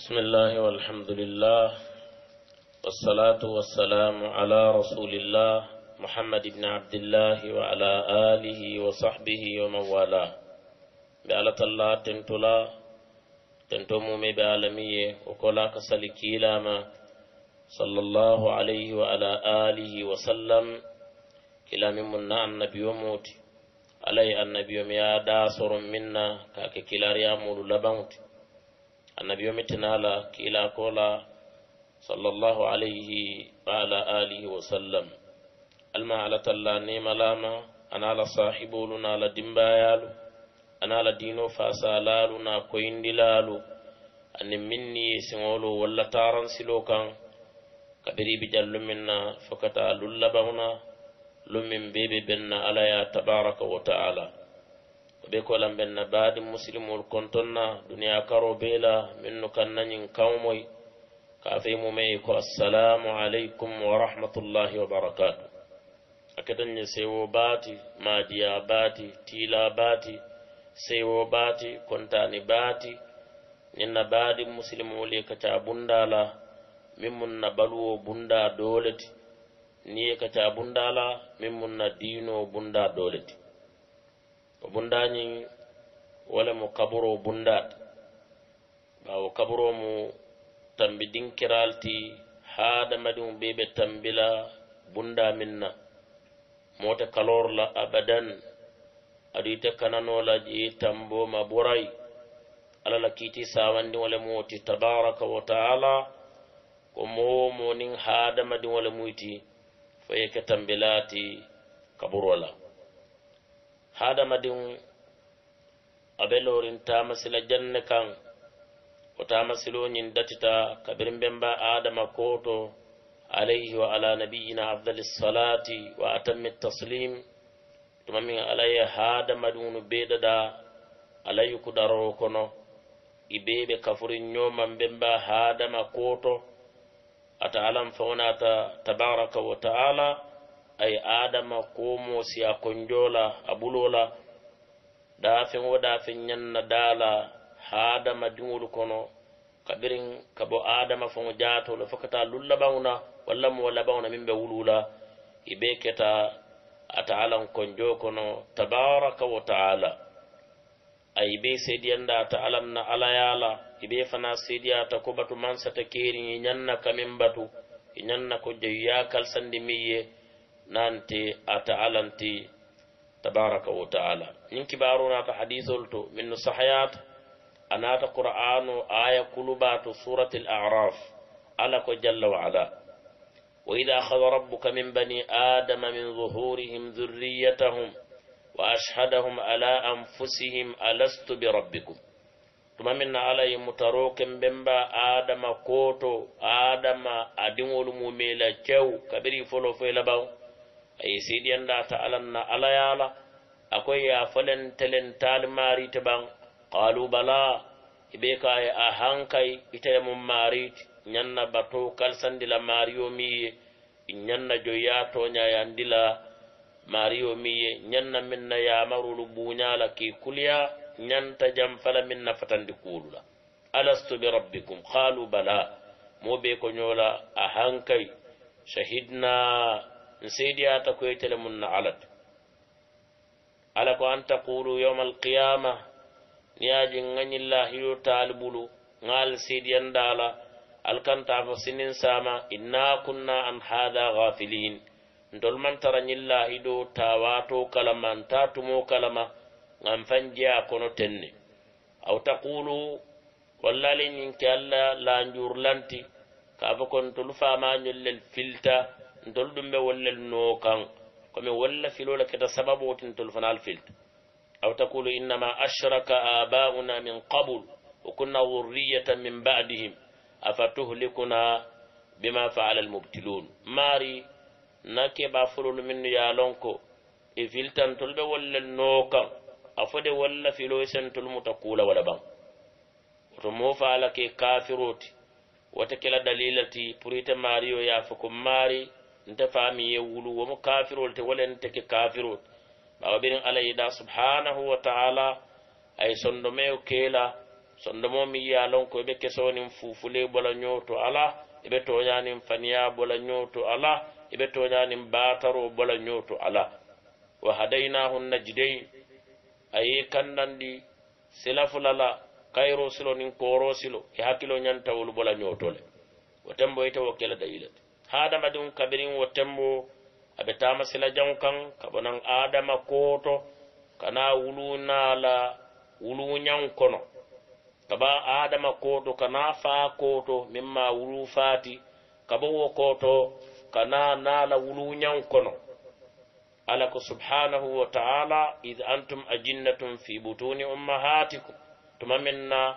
بسم الله والحمد لله والصلاة والسلام على رسول الله محمد بن عبد الله وعلى آله وصحبه ومن والاه بألة الله تنتلا تنتمو مي بعالمية وكلا كسل كيلاما صلى الله عليه وعلى آله وسلم كلام من نعم نبي موت علي النبي يا داسر منا كاك كلاريا مولو لبنتي النبي متنالا كلا كولا صلى الله عليه وعلى آله وسلم الما على تلا نيم لاما أنا على صاحب لنا على دين بيالو أنا على دينو فاسالالو نا كوين دلالو أن مني سمولو ولا تارن سلوكا كبري بجل منا فكتا للبونا لمن بيبي بنا على يا تبارك وتعالى be kolam ɓen na baɗi musilimol kon ton na duniya karo be la min no kan nañin kawmoy kafe mumey ko assalamu aleykum wa rahmatullahi wa barakatu aketan ñe sewo baati madiya baati tiila baati sewo baati kontani baati ñin na baɗi musilimol ye kaca bundala min mun na baluwo bunda dolati ni ye kaca bundala min mun na diino bunda dolati bundañin walamu kaburo bundat ɓawo kaburomu tambidinkiralti hadamadimu ɓeɓe tambila bunda minna mote kalorla abadan aduyite kananola ƴi tamboma ɓuray alala kiti sawandiwole muti tabaraka wa taala ko mowomonin hadamadiwole muyti foye ke tambilati kaburola hadamadin abe lorin tamasila janne kan o tamasiloñin datita kabirin benba adama koto alayhi wa ala nabiyina afdali salati wa atami taslim tuma min alaye hadamadinu beedada alayi kudaro kono i beɓe kafurin ñoman benba hadama koto ata alan fawnata tabaraka wa taala ay adama ko mo si a konjola a ɓulola dafen wo dafen ñanna dala ha adama diŋol kono kabirin kabo adama fono jatolo fokata lullaɓaŋuna walla mo laɓaŋuna min ɓe wulula ibe keta atalan konjo kono tabaraka wa taala ay be sediyanda atalan na alayala ibe fana sediyata ko batu mansata keriŋ i ñanna kamin batu i ñanna ko jeyuya kalsandi miyye nanti ata'alanti tabaraka wa taala ñiŋ kibaaro naata hadisol to minnu sahayata a naata qur'anu aya kulubaa to surati l araf ala ko jalla wa ala wa idha akhadha rabbuka min bani adama min zuhurihim dhurriyyatahum wa ashhadahum ala anfusihim alastu birabbikum tuma min na ala ye mutaro kembemba adama koto adama adiŋolu mumela chew kabiri folo fo e ayi siɗiyanda ta alanna alayala akoy yafolen telen taali maarite ɓan qalu bala iɓe kaye a hankay itele mum maarite ñanna batu kalsandila mario miye ñanna joya toñayandila mario miye ñanna minna yamarulu buñala ki kuliya ñanta jam fala minna fatandi kuulula alastu bi rabbicum qalu bala moɓe ko ñola a hankay shahidna nseediyaata koyitele mun na ala to ala ko an taqulu yawma alqiyama niyaaji ŋañilla hiro taalibulu ŋaal seediyandaala alkantaafo sinin saama innaa kunna an haha gafilin ntol mantara ñilla hido tawaato kalama nta tumo kalama ŋan fanjeya kono tenne aw taqulu wallaali ñiŋ ke alla lanjurlanti kaafo ko ntolu faamañol lel filta ndoldum be ɓe wollel noo kan komin wolla filola keta sababu wotin tol fanal filt aw taqulu ma ashraka abauna min qabl wa kunna dhurriyatan min ba'dihim afatuhlikuna bima faala almubtilun mari nake ba furul min ya lonko e filtan ɓe wollel noo kan a fode walla filoy sentol tol mutaqula wala ban to mo faala ke kafiroti wata dalilati purita ite maariyo yaafo nte faami ye wulu womo kafirol te wolen teke kafirol ɓawa ɓirin alah yiɗa subhanahu wa taala ay sondomeo keela sondomo mi yiya lon ko eɓe kesonin fufule bola ñoto ala eɓe toñanin faniya bola ñoto ala eɓe toñanin bataro bola ñoto ala wa hadaynahum najdain aye kandandi silafulala kayro silo nin koro silo e hakkilo ñantawolu bola ñotole wo tembo yite wo kela dayilete hadamadin kabirin watanmu a bi ta masila jankan kabinan adama koto kana wulunala wulunyan kono kaba adama koto kana fa koto mimma wulu fati kaba wo koto kana nala wulunyan kono alako subhanahu wa ta'ala id antum ajinnatun fi butuni ummahatikum tuma minna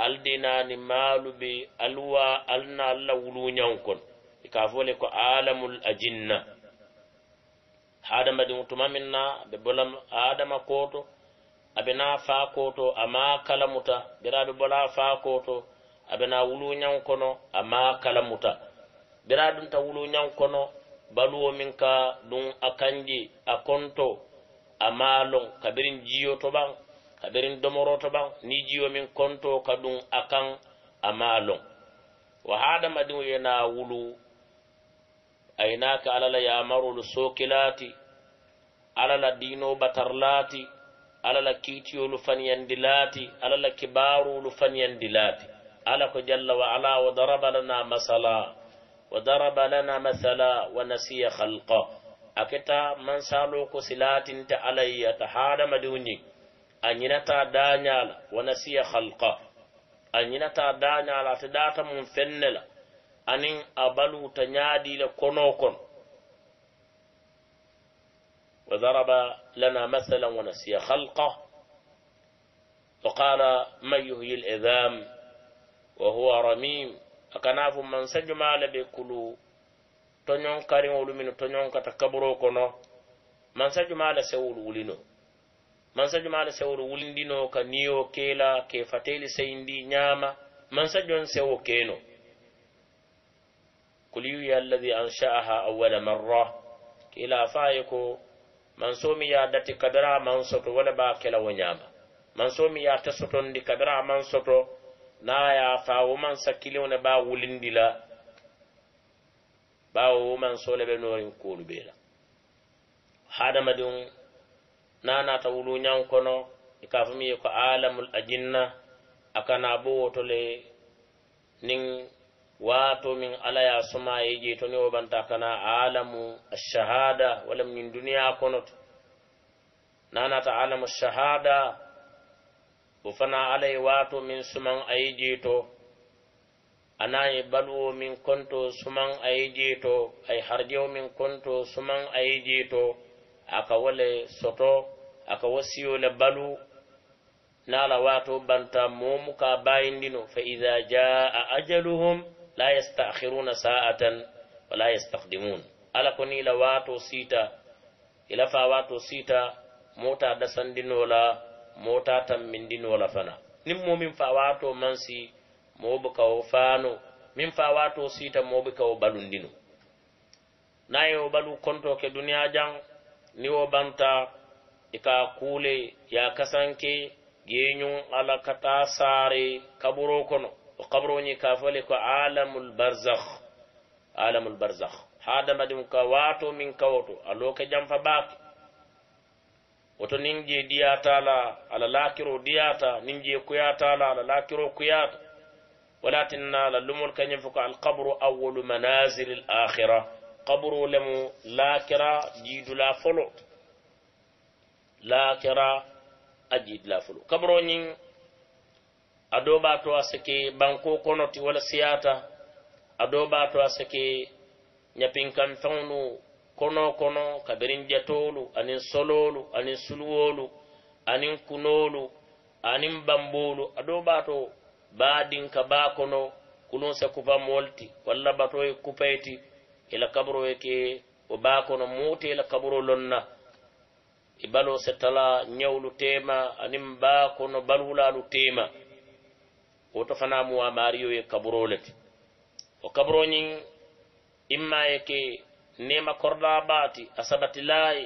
aldinani malu be alwa alna alla wulunyan kono kafole ko alamul ajinna adama ɗum tuma min na ɓe bola adama koto aɓena fa koto ama kalamuta ɓiraɓe bola fa koto aɓena wuluñan kono ama kalamuta ɓira ɗum ta wuluñan kono baluwo min ka ɗum a kanji a konto ama lon kaɓirin jiyo to ɓan kaɓirin domoro to ɓan ni jiyo min konto ka ɗum a kan ama lon wa hadama ɗum yena wulu aynaka ala la yamarolu sookilaati ala la diinoo batarlaati ala la kiitiyolu fanyandilaati ala la kibaarolu fanyandilaati ala ko jalla wa ala wa daraba lana masala wa daraba lana masala wa nasiya halqa aketa mansalo ko silatinta alayya ta hadamadiŋo ñiŋ a ñinata dañala wa nasiya halqa a ñinata dañala ate data mum fenne la anin abalu tanyadi ñaadiile konokon وضرب لنا مثلا ونسي خلقه wa وقال من يهي الإذام وهو رميم أكناف من سجما لبكلو تنيون كارين ولمنو تنيون كتكبرو كنو من سجم على سول ولنو من سجم سجما لسول ولندينو كنيو كيلا كيفتيل سيندي نياما من سجم سيو كينو kuliyu alladhi ansha'aha awwala marra kila fa'iku ko man ya dati kadara man soto wala ba kala wanyama mansumi man ya tasoto ndi kadara mansoto na ya fa mansa man sakkiliwo ba wulindila la bawo wo man sole ɓe norin kuolu ɓe la hadamadin nanata wulu ñan kono e ko alamul ajinna akana bo tole ning wato min alaya ya suma to ne wo banta kana alamu shahada wala min duniya Na ta alamu shahada wo fana alai wato min suman a ye jeto ana yi balwo min konto suman a yi jeto a yi harjewo min konto suman a yi jeto aka wale soto aka wo siyo wale balu nala wato banta momu bayan dino fa ida jaa ajaluhum la yastahiruna sa'atan wala yastakdimun ala ko ni la wato siita ila fa wato siita mota dasandinola mota tammindinola fana nin mo min fa wato mansi moɓe kawo fano min fa wato siita moɓe kawo balundino naye o balu konto ke duniya jan ni wo banta ika kule ya kasanke geñun ala kata saare kaburo kono وقبروني كافلك عالم البرزخ عالم البرزخ هذا ما دمك واتو من كوتو ألوك جام فباك وتنجي ديات على على لاكرو ديات ننجي كيات على على لاكرو كيات ولكن على لمر كان ينفق القبر أول منازل الآخرة قبر لم لاكرا جيد لا فلو لاكرا أجيد لا فلو قبر adoɓa to a sike banko konoti wala siyata adoɓa to a sike ñapinkan fewnu kono kono kabirin jatolu anin sololu anin sulwolu anin kunolu anin bambolu adoɓa to baɗinka ba kono kulun se kupa molti walla batoye kupayti ila kaburo yeke o ba kono muti ila kaburo lonna ibalo se tala ñawlu tema anin ba kono balwulalu tema woto fana mu wamariyo ye kaburo le ti o kaburoñin imma ye ke nema korda baati a sabati laayi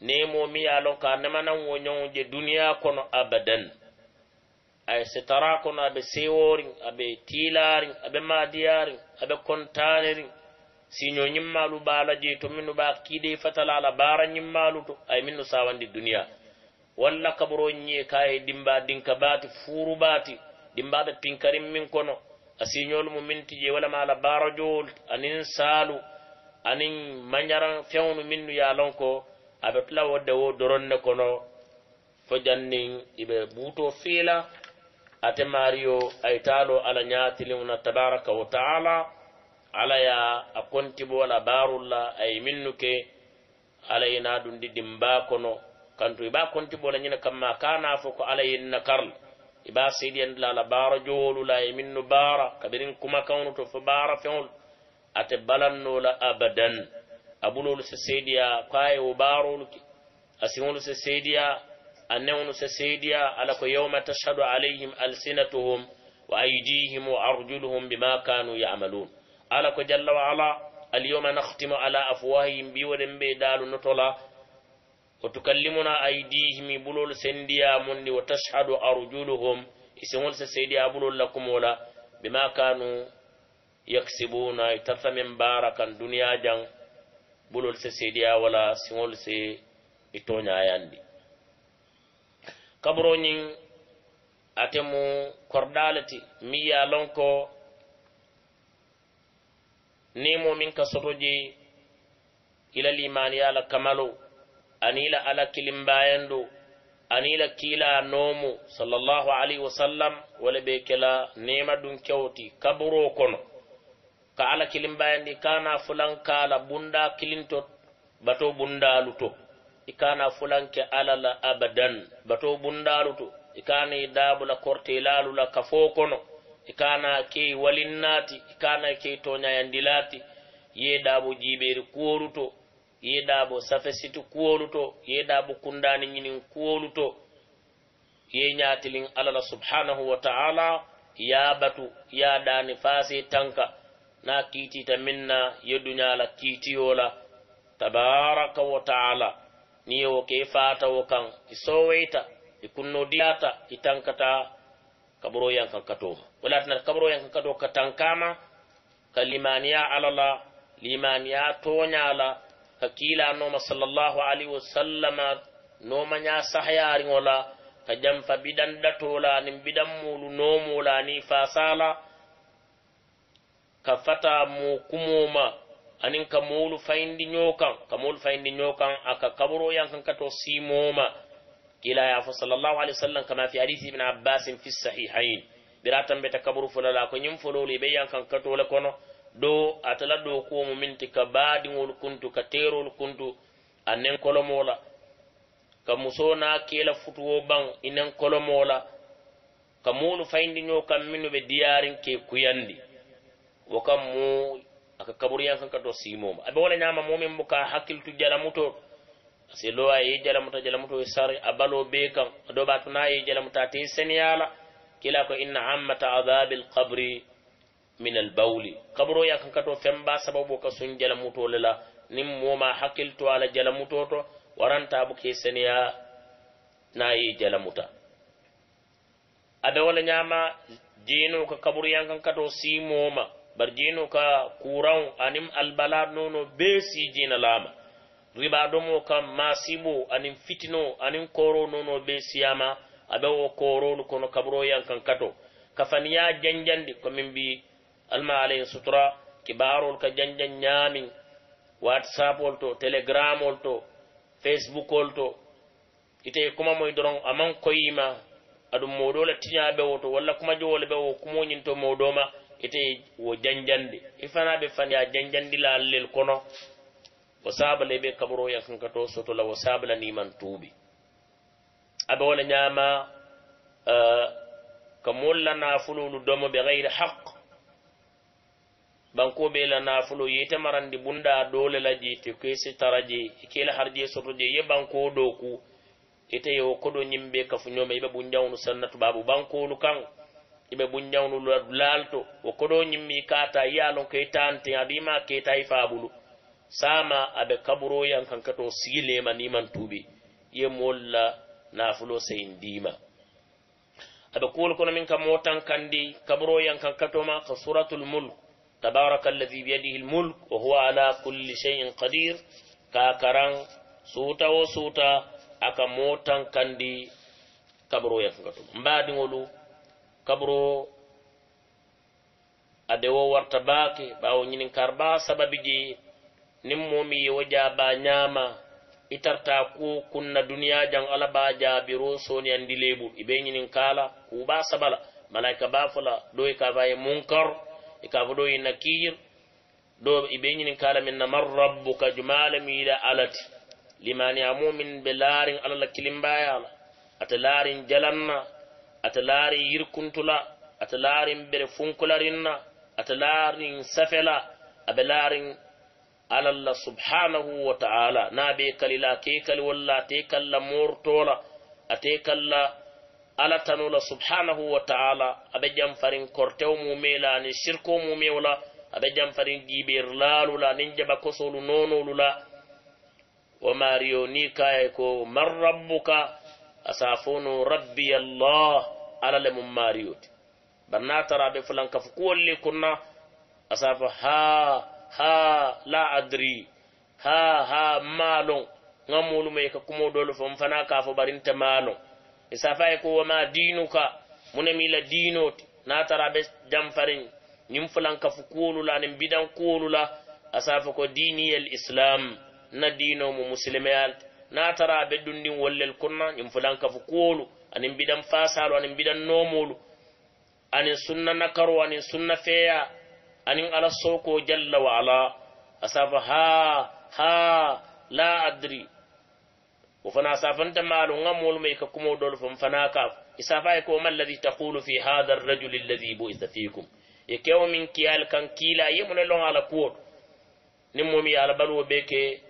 nemo mi ye a lon ka namanan wo ñoŋo je duniya kono abadan aye setara kono aɓe seworin aɓe tilarin aɓe madiyarin aɓe kontanirin siño ñimmalu bala je to minnu ɓa kiide fatalala bara ñimmalu to aye minnu sawandi duniya walla kaburo ñiye kaye dimba dinka baati furu baati dimbaɓe pinkarin min kono a siñol mu minti je wala mala baro jool anin saalu anin mañaran fewnu minnu yalon ko aɓe tula wodde wo doronne kono fo jannin iɓe ɓuuto fiila ate mario aytaalo ala ñaatilina tabaraka wa taala alaya a kontibo ala barulla ay minnu ke alayina ɗum ɗi dimba kono kantu iɓa kontibola ñina kamma kanafo ko alayinna karl iba seediyandi la la baara jowolu la ye minnu baara kabirin kumakaŋolu to fo baara feŋolu ate balanno la abadan abulolu se seediya ko a ye wo baarolu ke asiŋolu se seediya a neŋolu se seediya ala ko yawma tashhadu alayhim alsinatuhum wa aydihim wa arjuluhum bima kanu yamalun ala ko jalla wa ala alyawma nakhtimu ala afwahihim biwoden be daalu notola ko tukallimuna aidihim bulol sendiya mundi wa tashhadu arjuluhum isiŋol se seediya bulol la kumola bima kanu yaksibuna itarta men baara kan duniya jaŋ bulol se seediya wala siŋol se itoñayandi kaburoñin atemu kordalati miŋ ye lon ko nimo min ka soto je ila limaniya la kamalo anila ala kilimbayendu anila kiila noomu sallllahu alayhi wa sallam wala ɓe kela nema ɗum kewti kaburo kono ka ala kilimbayendi kana fulan kala bunda kilinto bato bundaluto ikana fulanke alala abadan bato bundaluto ikana dabula korte lalula kafo kono ikana kei walinnati ikana kei toñayandilati yeɗabo jiɓeri kuoruto yeɗaɓo safesiti kuwolu to yeɗaɓo kundani ñinin kuwolu to ye ñatilin alala subhanahu wa taala yabatu yaɗani fasi tanka na kiitita minna ye duñala kiitiyola tabaraka wa taala niyewo ke fata wo kan i soweyta i kunno diyata i tankata kaburoyan kan katoma walatinat kaburoyan kan kato ka tankama ka limaniya alala limaniya toñala kakila noma sallallahu alaihi wasallam noma nya sahayari wala kajam fa bidan datola nin bidan mulu nomola ni fasala ka fata mu kumoma anin ka mulu fayindi nyokan ka mulu fayindi nyokan aka kaburo yankan kato simoma kila ya fa sallallahu alaihi wasallam kama fi hadisi ibn abbas fi sahihain biratan beta kaburu fulala ko nyum fuloli be yankan kato la kono ɗo atala ɗo komo minti ka baaɗiŋol kuntu ka teerol kuntu a nen kolomola ka muso na kela futuwo ɓaŋ i nen kolomola ka molu fayindiño kam minu ɓe diyarin ke kuyandi wo kam mo aka kaburiyan kan ka to simoma aɓe wala ñama momin bo ka hakkiltu jalamuto si lo a ye jalamuta jalamuto e sari a balo be kan a ɗo ɓa tona ye jalamuta te seniyala kila ko inna ammata adabi lkabri min albawli kaburoya kan kato femba sababo ka sun jalamutole la nin moma hakkilto ala jalamutoto warantabu ke seneya nayi jalamuta abe wala ñama jino ka kaburuyan kan kato si moma bar jino ka kuran anin albala nono be si jina lama riba domo kam masibo anin fitino anin koro nono be siyama abe wo korolu kono kaburoyan kan kato kafaniya janjandi komin bi alma alayhi sutura kibarol ka janja ñaami whatsapp ol to telegram ol to facebook ol to itee kuma moy doron aman koyima aɗum moɗole tiñaɓe woto walla kuma jowole ɓe wo kumoñinto moɗoma ite wo janjandi ifanaɓe fani a janjandi laallel kono wo sabale ɓe kaboro yakanka to sotola wo sabalaniman tuuɓi aɓe wola ñama eh, ka mollanafululu domo ɓe hayre haq banko ɓe la nafolo yeyte marandi bunda dole la jeyte kesi tara je kela harje soto je ye banko ɗo ku eteye wo koɗo ñimɓe kafuñoma yiɓe bunjawnu sanna tubabu bankolu kan yiɓe bunjawnu laalto wo koɗo ñimmi kata yalon kay tante aɗima keta e fabulu sama aɓe kaburoyan kankato siilema niman tuuɓi ye molla nafolo sein dima aɓe kuwol kono min ka motan kandi kaburoyan kankatoma ka suratul mulk تبارك الذي بيده الملك وهو على كل شيء قدير كاكران سوتا وسوتا أكا موتا كندي كبرو يفنغتو مباد نولو كبرو أدو ورتباكي باو نين كاربا سبب جي نمومي وجابا نياما itarta ku kunna duniya jan ala ba jabiro soniyandi lebur ibe ñinin kala kuba sabala malaika ba fula doy ka baye munkar e ka fo do yinna ni kala min na rabbuka jumala mi yiɗa alati limaniya mumin ɓe larin alala kilimbayala ata larin jalanna ata yirkuntula ata laarin ɓere funkularinna ata larin safela aɓe larin alalla subhanahu wa ta'ala na ɓe kalila ke kali walla te mortola ate kala. ala tanula subhanahu wa ta'ala abe jamfarin kortew mumela ni shirko mumewla abe jamfarin jibir lalula nin jaba kosolu nonolula wa mariyo ni kaye ko man asafono rabbi allah ala le mum mariyoti banna tara be fulan kafu kuwolle asafo ha ha la adri ha ha malo ŋa mulu me ka kumo dolu fo n isafai safaye ko ma dinuka munemila dinoti natara be jamfarin ñin fulankafu kuwolu la nin bidan kuwolu la a safa ko diniyel islam na dino mu musilimeyal na tara a be dundin wollel kunna ka fu kulu anim bidan fasalu anim bidan nomolu anin sunna nakaro anin sunna feya anin ala soko jalla wa ala a safa ha ha la adri wo fana safanta maalu ŋa moolu ma i ka kumo dolu fo fana ka isafa ye ko ma alladi taqulu fi hadha arrajuli alladi buisa fikum ye kewo min kiyal kan kiila ye mu ne loŋ ala kuwoto niŋ momi ye ala baluwo be ke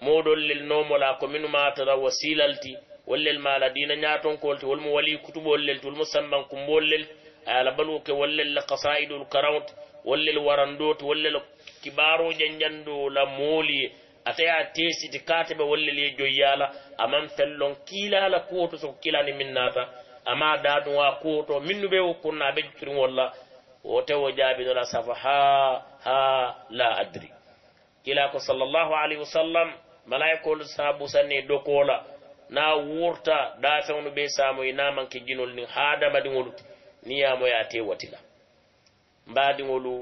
moo dolu lel noomola ko minnu maatara wasilal ti wolu lel maala diina ñaatonkol ti wolu mu wali kutubolu lel ti wolu mu samban kumbolu lel a ye ala baluwo ke wolu lel la kasaidul karaŋo ti wolu lel warandoo ti wolu lel kibaaroo janjandoo la moolu ye ataya tesiti kateɓe wallel ye joyyala aman fellon kiilala kuwoto soko kilani min nata ama daduwa kuwoto minnuɓe wokkunna ɓe jutirin walla otewo jaabinola safa ha ha la adri kila ko sallllahu alayhi wa sallam malayikolu sabusanni dokola na wurta dafewnu ɓe samoyi namanke jinol ni hadamadiŋolu niyamoya tewatila mbadiŋolu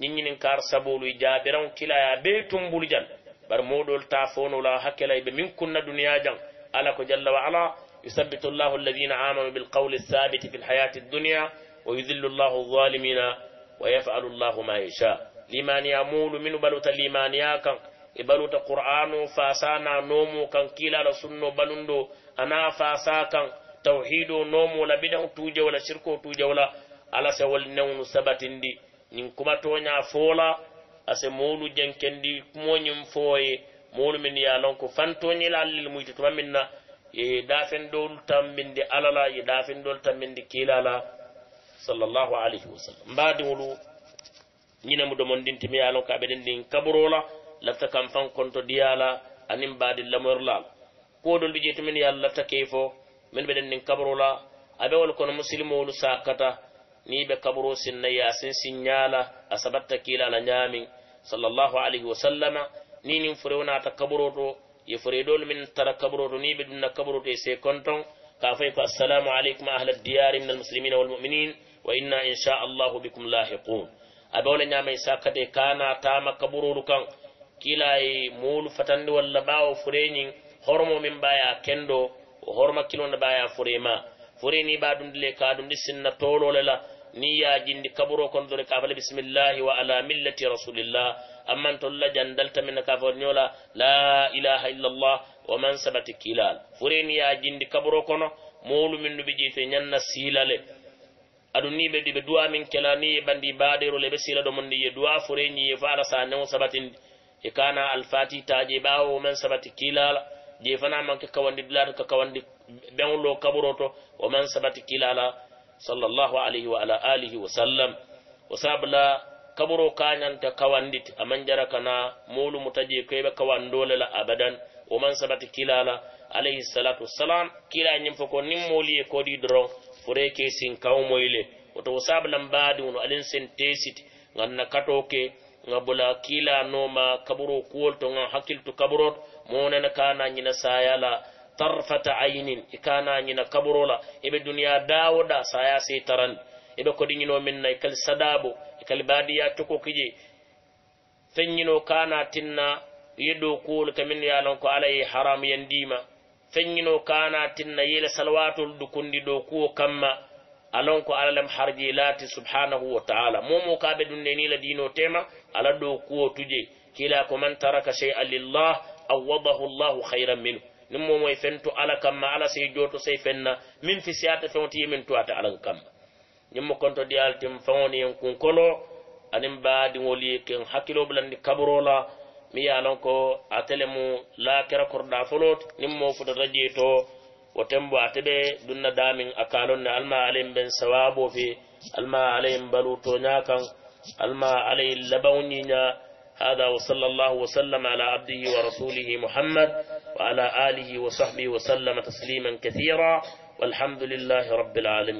ñiñinin kar sabolu jaabiran kilaya ɓe tumbulu jan bar moɗol ta fonola hakkela ɓe min kunna duniya jan ala ko jalla wa ala yusabbitu llahu alladina amanu bilqawli thabiti fi lhayati dunia wa yudillu llahu zalimina wa yafalu llahu ma yasha limaniya mulu minu baluta limaniya kan e baluta qur'anu fasa na nomu kan kilala sunno balundo ana fasa kan tawhido nomu la bidahu tuje wala shirko tuje wala ala sewol newnu sabatindi nin kuma toña foola ase mawlu jenkendi kumoñum fooye mawlu min ya lon ko fantoñel allel muyte tuma minna e dafen dol tambinde alala e dafen dol tambinde kilala sallallahu alayhi wa sallam mbadi wolu ñina mu domon dinti mi ya lon ko aɓe ɗen ɗin kaburola latta kam fan konto diyala anin mbadi lamorlal kodol ɓe ƴeytumin ya latta key fo min ɓeɗen ɗin kaburola aɓe wol kono musilmowolu sakkata ni ɓe kaburo sinna yasin sinñala a saɓatta kilala ñamin صلى الله عليه وسلم نين فرونا تكبروتو يفريدون من تركبروتو ني بدنا كبروتو كونتون كافيك السلام عليكم اهل الديار من المسلمين والمؤمنين وانا ان شاء الله بكم لاحقون ابولا نيا مي ساكاتي كانا تاما كبرورو كان كيلا مول فتاندي ولا باو فرينين هرمو من بايا كندو هرمو كيلو نبايا فريما فريني بادون دلي كادون دي سنة طولو للا niya jindi kaburo kon dore kafale bisimillahi wa ala millati rasulillah amman tolla jandaltamina kafa ñola la ilaha illallah wa man sabati kilal fure niya jindi kaburo kono molu min nuɓe jeyte ñanna siilale aduniɓe ɗiɓe duwa min kela niye bandi baɗero leɓe siila ɗo mondi ye duwa fure ñiye fa ala sa new sabatindi e kana alfati taje ɓawo wa man sabati kilala jeefanamanke kawandi dilata ka kawandi ɓenlo kaburo to wa man sabati kilala sallallahu alaihi wa ala alihi wa sallam o sabla kaburo kañanta kawandit aman jara kana molu mutaje koyeɓe kawandole la abadan woman sabati kilala alayhi salatu salam kila ñin fo ko nin moli ye kodi doron fore ke sin kawmoyle woto o sablan baadi wono alin sen tesiti ganna katoke nga bula kila noma kaburo kuwol to ga hakkiltu kaburot monena kana ñina sayala tarfata aynin ikana na kaburola ibe duniya dawoɗa saya taran ibe ko dinino min na ikal sadabo ikal badiya kije feññino kana tinna yeɗo kuwol kamin yalon ko alai haram yandima feññino kana tinna yele salawatol dukundi do ko kamma alon ko harji lati subhanahu wa taala momo kaɓe ɗum la dino tema ala do tuje kila ko man taraka shay'an lillah awadahu allah minhu nin mo moy fento ala kamma ala sey joto sey fenna min fi siyata fonti min tuata ala kamma nin mo konto di altim fawoni en kun kolo anim baadi woli ken hakkilo bulandi kaburola mi lon ko atelemu la kera korda folot nin mo futa radio to tembo bo atebe dunna damin akalon na alma alim ben sawabo fi alma alim baluto to nyakan alma alayhim labawni nya هذا وصلى الله وسلم على عبده ورسوله محمد وعلى آله وصحبه وسلم تسليما كثيرا والحمد لله رب العالمين